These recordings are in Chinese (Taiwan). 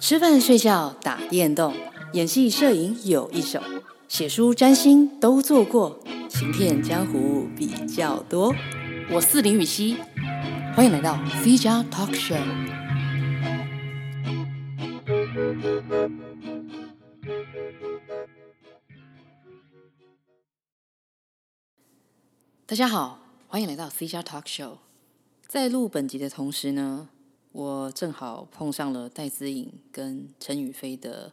吃飯、睡覺、打電動，演戲、攝影有一手，寫書、占星都做過，行騙江湖比較多。我是林雨希，歡迎來到 C 加 Talk Show。大家好，歡迎來到 C 加 Talk Show。在錄本集的同時呢。我正好碰上了戴資穎跟陳雨菲的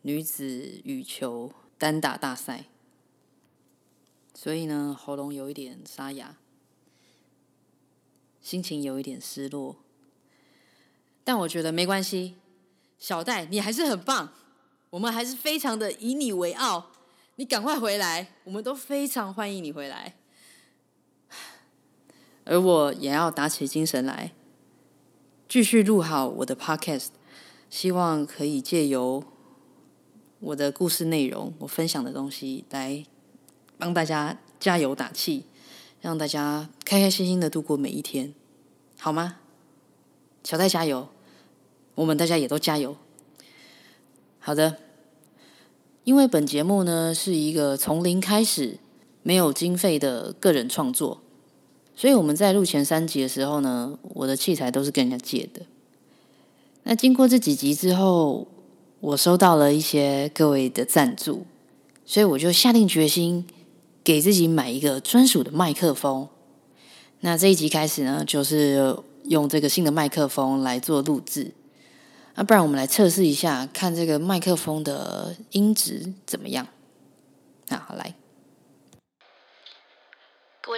女子羽球單打大賽，所以呢，喉嚨有一點沙啞，心情有一點失落。但我覺得沒關係，小戴你還是很棒，我們還是非常的以你為傲。你趕快回來，我們都非常歡迎你回來。而我也要打起精神來。繼續錄好我的 Podcast，希望可以借由我的故事內容，我分享的東西來幫大家加油打氣，讓大家開開心心的度過每一天，好嗎？小戴加油，我們大家也都加油。好的，因為本節目呢是一個從零開始、沒有經費的個人創作。所以我們在錄前三集的時候呢，我的器材都是跟人家借的。那經過這幾集之後，我收到了一些各位的贊助，所以我就下定決心給自己買一個專屬的麥克風。那這一集開始呢，就是用這個新的麥克風來做錄製。那不然我們來測試一下，看這個麥克風的音質怎麼樣？那好，來。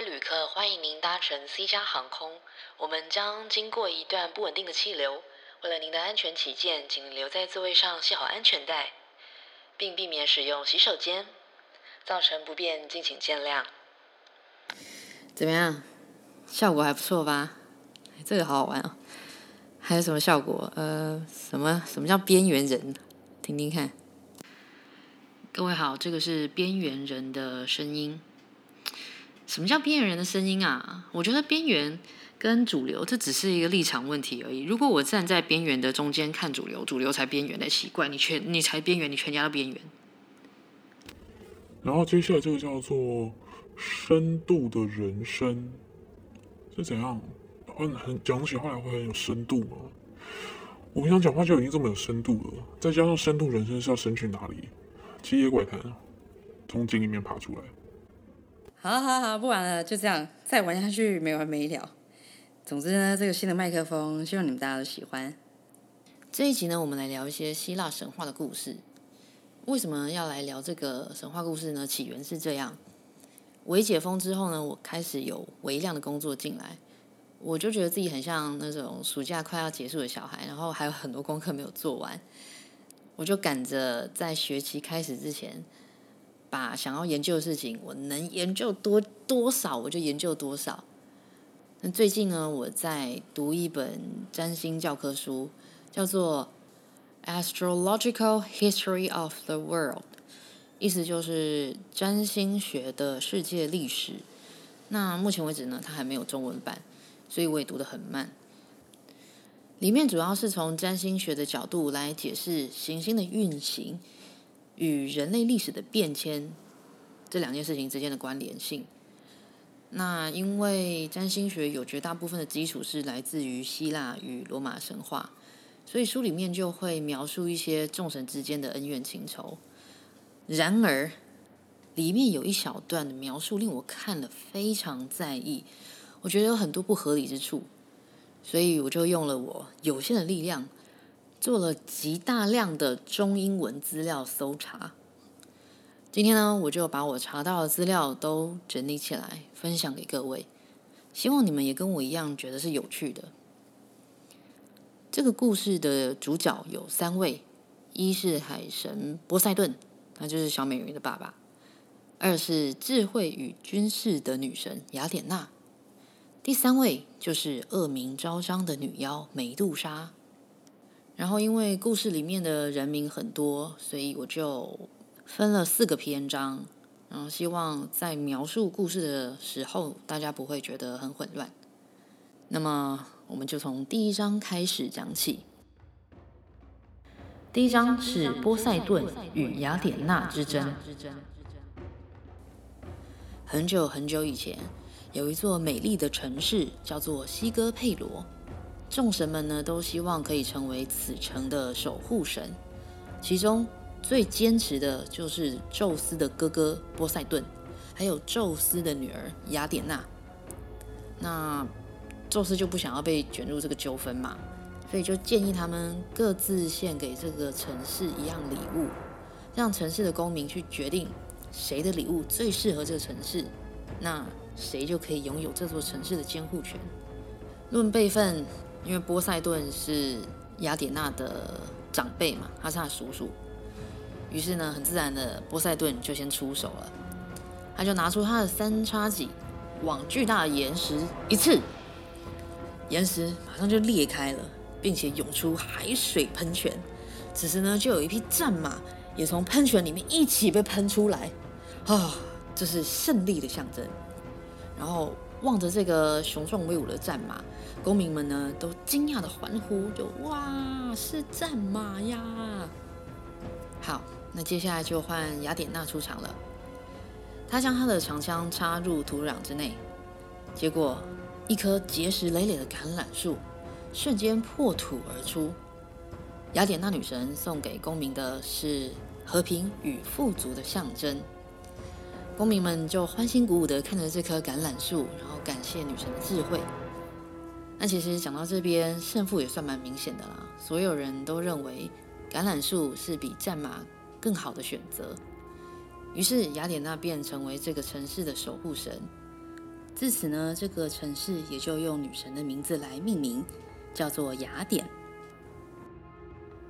旅客，歡迎您搭乘 C 加航空。我們將經過一段不穩定的氣流，為了您的安全起見，請您留在座位上繫好安全帶，並避免使用洗手間，造成不便敬請見諒。怎麼樣？效果還不錯吧？這個好好玩哦！還有什麼效果？呃，什麼？什麼叫邊緣人？聽聽看。各位好，這個是邊緣人的聲音。什麼叫邊緣人的聲音啊？我覺得邊緣跟主流，這只是一個立場問題而已。如果我站在邊緣的中間看主流，主流才邊緣的奇怪。你全，你才邊緣，你全家都邊緣。然後接下來這個叫做深度的人生，是怎樣？會很講起話來會很有深度嗎？我平常講話就已經這麼有深度了，再加上深度人生是要深去哪裡？其實也怪談，從井裡面爬出來。.好好好，不玩了，就這樣，再玩下去沒完沒了。總之呢，這個新的麥克風，希望你們大家都喜歡。這一集呢，我們來聊一些希臘神話的故事。為什麼要來聊這個神話故事呢？起源是這樣：微解封之後呢，我開始有微量的工作進來，我就覺得自己很像那種暑假快要結束的小孩，然後還有很多功課沒有做完，我就趕着在學期開始之前。把想要研究的事情，我能研究多多少，我就研究多少。那最近呢，我在讀一本占星教科書，叫做《Astrological History of the World》，意思就是占星學的世界歷史。那目前為止呢，它還沒有中文版，所以我也讀得很慢。裡面主要是從占星學的角度來解釋行星的運行。與人類歷史的變遷，這兩件事情之間的關聯性。那因為占星學有絕大部分的基礎是來自於希臘與羅馬神話，所以書裡面就會描述一些眾神之間的恩怨情仇。然而，裡面有一小段的描述令我看了非常在意，我覺得有很多不合理之處，所以我就用了我有限的力量。做了極大量的中英文資料搜查，今天呢，我就把我查到的資料都整理起來分享給各位，希望你們也跟我一樣覺得是有趣的。這個故事的主角有三位，一是海神波塞頓，他就是小美人魚的爸爸；二是智慧與軍事的女神雅典娜；第三位就是惡名昭彰的女妖梅杜莎。然後，因為故事裡面的人名很多，所以我就分了四個篇章。然後，希望在描述故事的時候，大家不會覺得很混亂。那麼，我們就從第一章開始講起。第一章是波塞頓與雅典娜之爭。之爭，之爭。很久很久以前，有一座美麗的城市，叫做西哥佩羅。眾神們呢，都希望可以成為此城的守護神，其中最堅持的就是宙斯的哥哥波塞頓，還有宙斯的女兒雅典娜。那宙斯就不想要被捲入這個糾紛嘛，所以就建議他們各自獻給這個城市一樣禮物，讓城市的公民去決定誰的禮物最適合這個城市，那誰就可以擁有這座城市的監護權。論輩分。因為波塞頓是雅典娜的長輩嘛，他是他叔叔，於是呢，很自然的波塞頓就先出手了，他就拿出他的三叉戟往巨大的岩石一刺，岩石馬上就裂開了，並且湧出海水噴泉。此時呢，就有一匹戰馬也從噴泉裡面一起被噴出來，啊、哦，這是勝利的象徵。然後望着這個雄壯威武的戰馬。公民們呢，都驚訝地歡呼：“就哇，是戰馬呀！”好，那接下來就換雅典娜出場了。她將她的長槍插入土壤之內，結果一棵結實累累的橄欖樹瞬間破土而出。雅典娜女神送給公民的是和平與富足的象徵，公民們就歡欣鼓舞地看着這棵橄欖樹，然後感謝女神的智慧。那其實講到這邊，勝負也算蠻明顯的啦。所有人都認為橄欖樹是比戰馬更好的選擇，於是雅典娜便成為這個城市的守護神。自此呢，這個城市也就用女神的名字來命名，叫做雅典。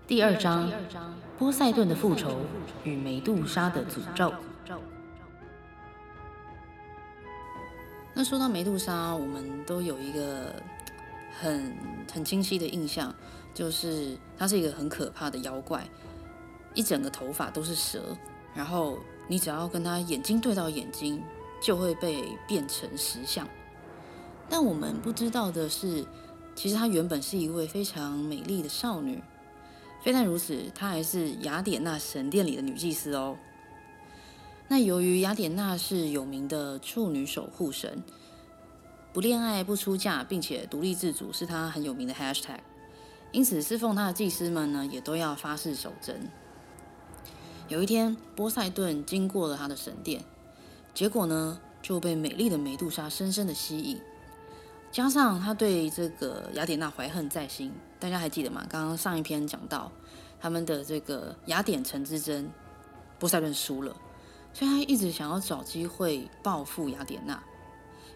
第二章，第二章，波塞頓的復仇與梅杜莎的詛咒。那說到梅杜莎，我們都有一個。很很清晰的印象，就是他是一個很可怕的妖怪，一整個頭髮都是蛇，然後你只要跟他眼睛對到眼睛，就會被變成石像。但我們不知道的是，其實她原本是一位非常美麗的少女。非但如此，她還是雅典娜神殿裡的女祭司哦。那由於雅典娜是有名的處女守護神。不戀愛、不出嫁，並且獨立自主，是他很有名的 hashtag。因此，侍奉他的祭司們呢，也都要發誓守貞。有一天，波塞頓經過了他的神殿，結果呢，就被美麗的梅杜莎深深的吸引。加上他對這個雅典娜懷恨在心，大家還記得嗎？剛剛上一篇講到，他們的這個雅典城之爭，波塞頓輸了，所以他一直想要找機會報復雅典娜。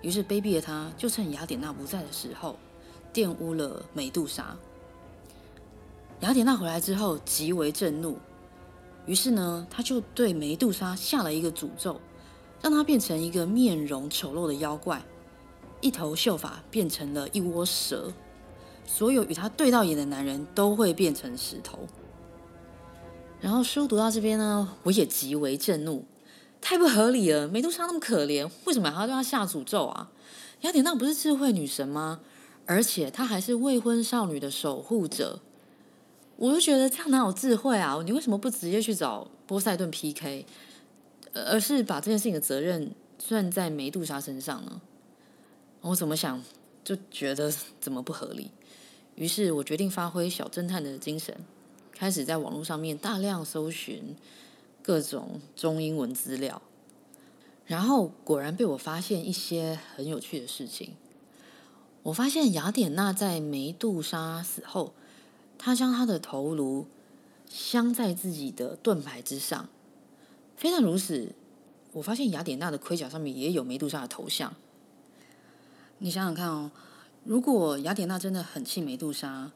於是，卑鄙的他就趁雅典娜不在的時候，玷污了梅杜莎。雅典娜回來之後極為震怒，於是呢，他就對梅杜莎下了一個詛咒，讓她變成一個面容醜陋的妖怪，一頭秀髮變成了一窩蛇，所有與她對到眼的男人都會變成石頭。然後書讀到這邊呢，我也極為震怒。太不合理了！梅杜莎那麼可憐，為什麼還要對她下詛咒啊？雅典娜不是智慧女神嗎？而且她還是未婚少女的守護者，我就覺得這樣哪有智慧啊？你為什麼不直接去找波塞頓 PK，而是把這件事情的責任算在梅杜莎身上呢？我怎麼想就覺得怎麼不合理，於是我決定發揮小偵探的精神，開始在網絡上面大量搜尋。各種中英文資料，然後果然被我發現一些很有趣的事情。我發現雅典娜在梅杜莎死後，她將她的頭顱鑲在自己的盾牌之上。非但如此，我發現雅典娜的盔甲上面也有梅杜莎的頭像。你想想看哦，如果雅典娜真的很氣梅杜莎，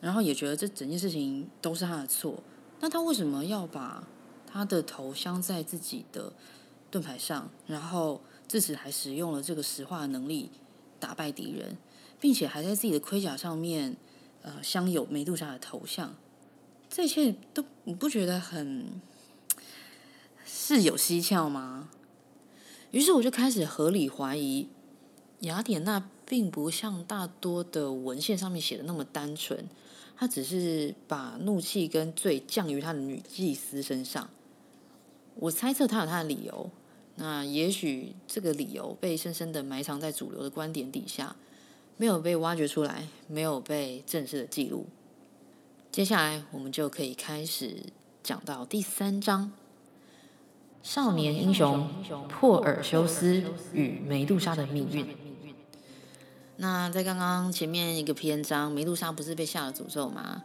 然後也覺得這整件事情都是她的錯，那她為什麼要把？他的頭鑲在自己的盾牌上，然後自此還使用了這個石化的能力打敗敵人，並且還在自己的盔甲上面呃鑲有梅杜莎的頭像，這些都你不覺得很是有蹊蹺嗎？於是我就開始合理懷疑，雅典娜並不像大多的文獻上面寫的那麼單純，她只是把怒氣跟罪降於她的女祭司身上。我猜測他有他的理由，那也許這個理由被深深的埋藏在主流的觀點底下，沒有被挖掘出來，沒有被正式的記錄。接下來我們就可以開始講到第三章：少年英雄珀爾修斯與梅杜莎的命運。那在剛剛前面一個篇章，梅杜莎不是被下了詛咒嗎？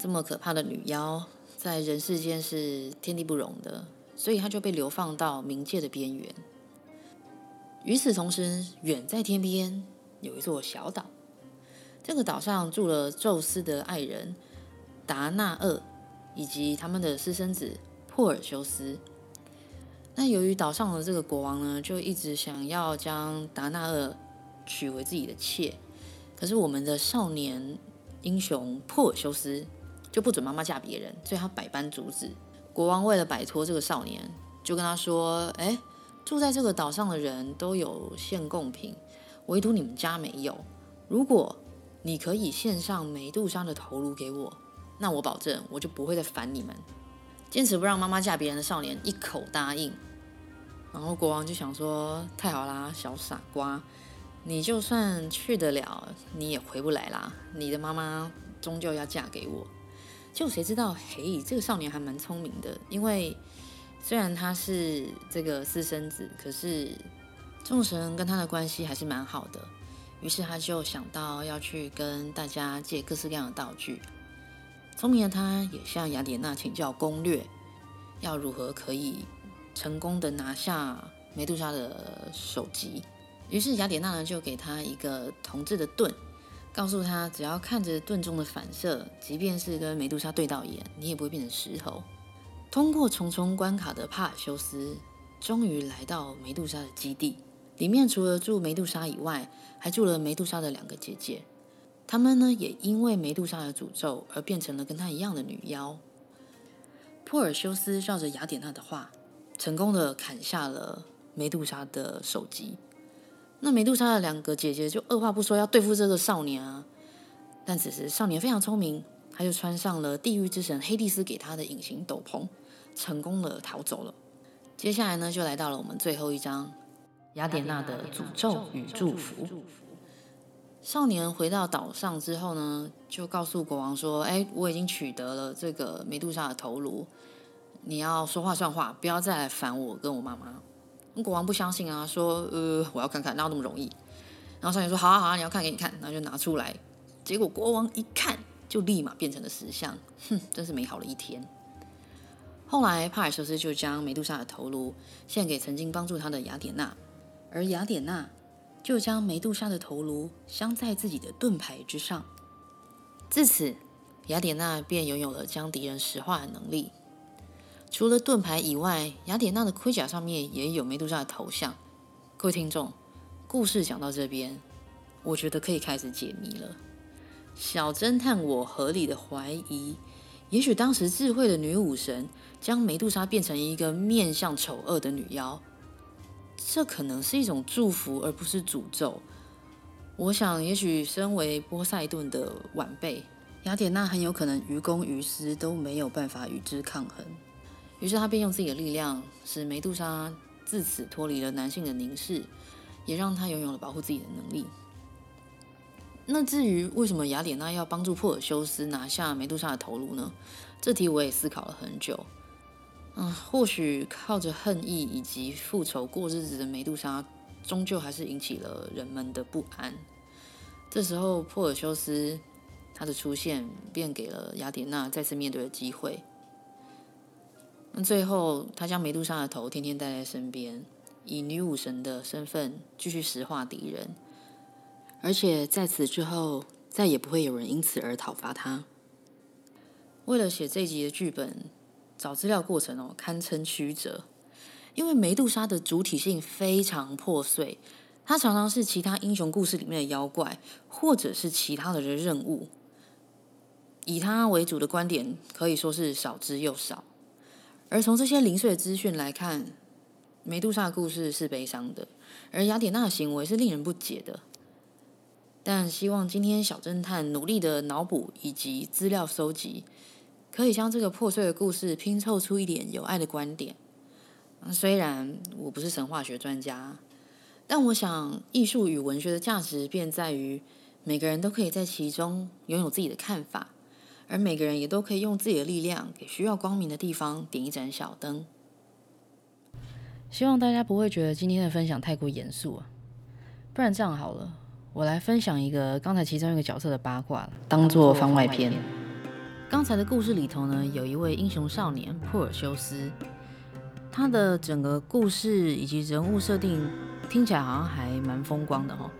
這麼可怕的女妖，在人世間是天地不容的。所以他就被流放到冥界的邊緣。與此同時，遠在天邊有一座小島，這個島上住了宙斯的愛人達納厄，以及他們的私生子珀爾修斯。那由於島上的這個國王呢，就一直想要將達納厄娶為自己的妾，可是我們的少年英雄珀爾修斯就不准媽媽嫁別人，所以他百般阻止。國王為了擺脫這個少年，就跟他說：“哎，住在這個島上的人都有獻貢品，唯獨你們家沒有。如果你可以獻上梅杜莎的頭顱給我，那我保證我就不會再煩你們。”堅持不讓媽媽嫁別人的少年一口答應，然後國王就想說：“太好啦，小傻瓜，你就算去得了，你也回不來啦。你的媽媽終究要嫁給我。”就誰知道？嘿，這個少年還蠻聰明的，因為雖然他是這個私生子，可是眾神跟他的關係還是蠻好的。於是他就想到要去跟大家借各式各樣的道具。聰明的他，也向雅典娜請教攻略，要如何可以成功的拿下梅杜莎的首級。於是雅典娜呢，就給他一個銅製的盾。告訴他，只要看着盾中的反射，即便是跟梅杜莎對到眼，你也不會變成石頭。通過重重關卡的珀爾修斯，終於來到梅杜莎的基地。裡面除了住梅杜莎以外，還住了梅杜莎的兩個姐姐。她們呢，也因為梅杜莎的詛咒而變成了跟她一樣的女妖。珀爾修斯照着雅典娜的話，成功的砍下了梅杜莎的首級。那梅杜莎的兩個姐姐就二話不說要對付這個少年啊，但此時少年非常聰明，他就穿上了地獄之神黑帝斯給他的隱形斗篷，成功的逃走了。接下來呢，就來到了我們最後一章雅典娜的詛咒與祝福。祝福少年回到島上之後呢，就告訴國王說：“哎，我已經取得了這個梅杜莎的頭顱，你要說話算話，不要再來煩我跟我媽媽。”國王不相信啊，說：“呃，我要看看，哪有那麼容易？”然後上面說：“好啊好啊，你要看給你看。”然後就拿出來。結果國王一看，就立馬變成了石像。哼，真是美好的一天。後來，珀爾修斯就將梅杜莎的頭顱獻給曾經幫助他的雅典娜，而雅典娜就將梅杜莎的頭顱鑲在自己的盾牌之上。自此，雅典娜便擁有了將敵人石化的能力。除了盾牌以外，雅典娜的盔甲上面也有梅杜莎的頭像。各位聽眾，故事講到這邊，我覺得可以開始解謎了。小偵探，我合理的懷疑，也許當時智慧的女武神將梅杜莎變成一個面相醜惡的女妖，這可能是一種祝福而不是詛咒。我想，也許身為波塞頓的晚輩，雅典娜很有可能於公於私都沒有辦法與之抗衡。於是他便用自己的力量，使梅杜莎自此脫離了男性的凝視，也讓他擁有了保護自己的能力。那至於為什麼雅典娜要幫助珀爾修斯拿下梅杜莎的頭顱呢？這題我也思考了很久。嗯、呃，或許靠着恨意以及復仇過日子的梅杜莎，終究還是引起了人們的不安。這時候珀爾修斯他的出現，便給了雅典娜再次面對的機會。最後，他將梅杜莎的頭天天帶在身邊，以女武神的身份繼續石化敵人，而且在此之後，再也不會有人因此而討伐他。為了寫這集的劇本，找資料過程哦，堪稱曲折。因為梅杜莎的主體性非常破碎，他常常是其他英雄故事裡面的妖怪，或者是其他的人任務。以他為主的觀點可以說是少之又少。而從這些零碎的資訊來看，梅杜莎的故事是悲傷的，而雅典娜的行為是令人不解的。但希望今天小偵探努力的腦補以及資料收集，可以將這個破碎的故事拼湊出一點有愛的觀點。雖然我不是神話學專家，但我想藝術與文學的價值便在於每個人都可以在其中擁有自己的看法。而每個人也都可以用自己的力量，給需要光明的地方點一盞小燈。希望大家不會覺得今天的分享太過嚴肅啊，不然這樣好了，我來分享一個剛才其中一個角色的八卦，當做番外篇。剛才的故事裡頭呢，有一位英雄少年珀爾修斯，他的整個故事以及人物設定聽起來好像還蠻風光的哦。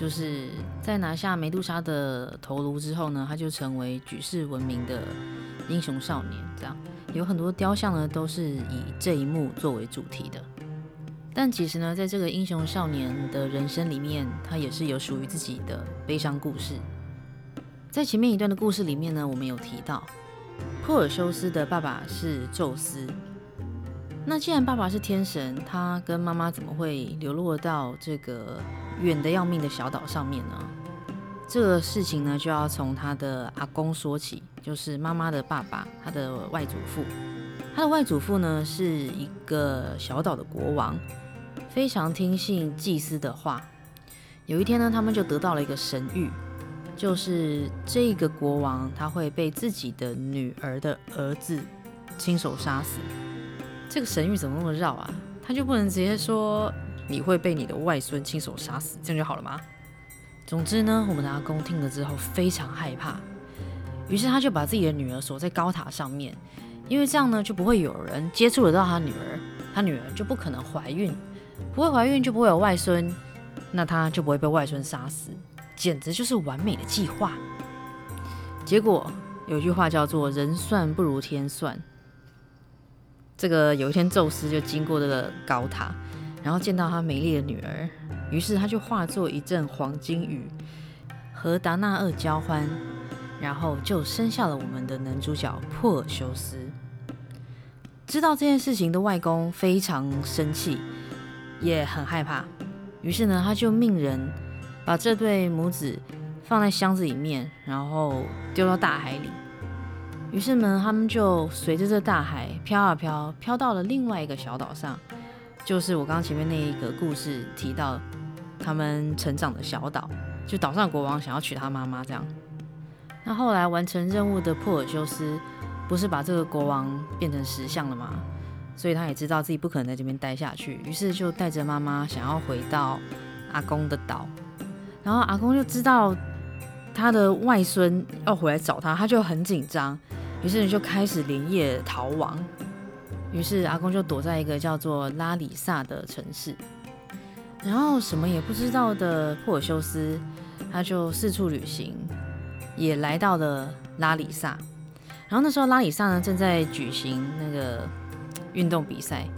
就是在拿下梅杜莎的頭顱之後呢，他就成為舉世聞名的英雄少年，這樣。有很多雕像呢，都是以這一幕作為主題的。但其實呢，在這個英雄少年的人生裡面，他也是有屬於自己的悲傷故事。在前面一段的故事裡面呢，我們有提到珀爾修斯的爸爸是宙斯。那既然爸爸是天神，他跟媽媽怎麼會流落到這個？遠得要命的小島上面呢，這個事情呢就要從他的阿公說起，就是媽媽的爸爸，他的外祖父。他的外祖父呢是一個小島的國王，非常聽信祭司的話。有一天呢，他們就得到了一個神諭，就是這個國王他會被自己的女兒的兒子親手殺死。這個神諭怎麼那麼繞啊？他就不能直接說？你會被你的外孫親手殺死，這樣就好了嗎？總之呢，我們的阿公聽了之後非常害怕，於是他就把自己的女兒鎖在高塔上面，因為這樣呢就不會有人接觸得到他女兒，他女兒就不可能懷孕，不會懷孕就不會有外孫，那他就不會被外孫殺死，簡直就是完美的計劃。結果有句話叫做“人算不如天算”，這個有一天宙斯就經過這個高塔。然後見到他美麗的女兒，於是他就化作一陣黃金雨，和達那厄交歡，然後就生下了我們的男主角珀爾修斯。知道這件事情的外公非常生氣，也很害怕，於是呢，他就命人把這對母子放在箱子裡面，然後丟到大海裡。於是呢，他們就隨着這大海飄啊飄，飄到了另外一個小島上。就是我剛剛前面那一個故事提到，他們成長的小島，就島上的國王想要娶他媽媽這樣。那後來完成任務的珀爾修斯，不是把這個國王變成石像了嗎？所以他也知道自己不可能在這邊待下去，於是就帶着媽媽想要回到阿公的島。然後阿公就知道他的外孫要回來找他，他就很緊張，於是就開始連夜逃亡。於是阿公就躲在一個叫做拉里薩的城市，然後什麼也不知道的珀爾修斯，他就四處旅行，也來到了拉里薩。然後那時候拉里薩呢，正在舉行那個運動比賽，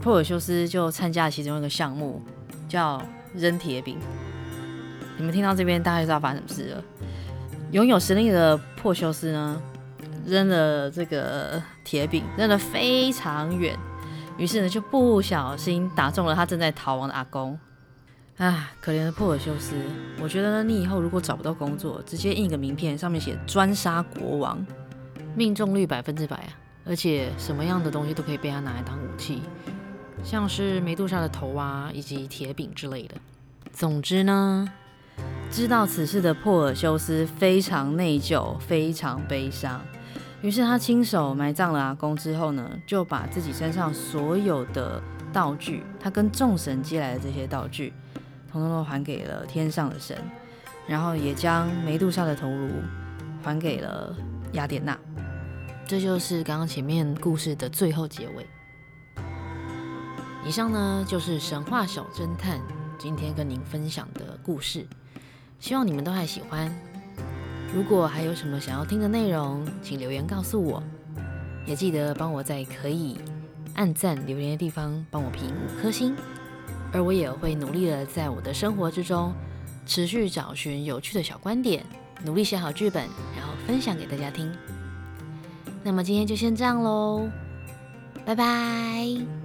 珀爾修斯就參加其中一個項目，叫扔鐵餅。你們聽到這邊大概知道發生什麼事了。擁有實力的珀爾修斯呢？扔了這個鐵餅，扔得非常遠，於是呢就不小心打中了他正在逃亡的阿公。哎，可憐的珀爾修斯！我覺得呢，你以後如果找不到工作，直接印一個名片，上面寫“專殺國王”，命中率百分之百啊！而且什麼樣的東西都可以被他拿來當武器，像是梅杜莎的頭啊，以及鐵餅之類的。總之呢，知道此事的珀爾修斯非常內疚，非常悲傷。於是他親手埋葬了阿公之後呢，就把自己身上所有的道具，他跟眾神借來的這些道具，統統都還給了天上的神，然後也將梅杜莎的頭顱還給了雅典娜。這就是剛剛前面故事的最後結尾。以上呢就是神話小偵探今天跟您分享的故事，希望你們都還喜歡。如果還有什麼想要聽的內容，請留言告訴我，也記得幫我在可以按贊、留言的地方幫我評五顆星。而我也會努力的，在我的生活之中持續找尋有趣的小觀點，努力寫好劇本，然後分享給大家聽。那麼今天就先這樣嘍，拜拜。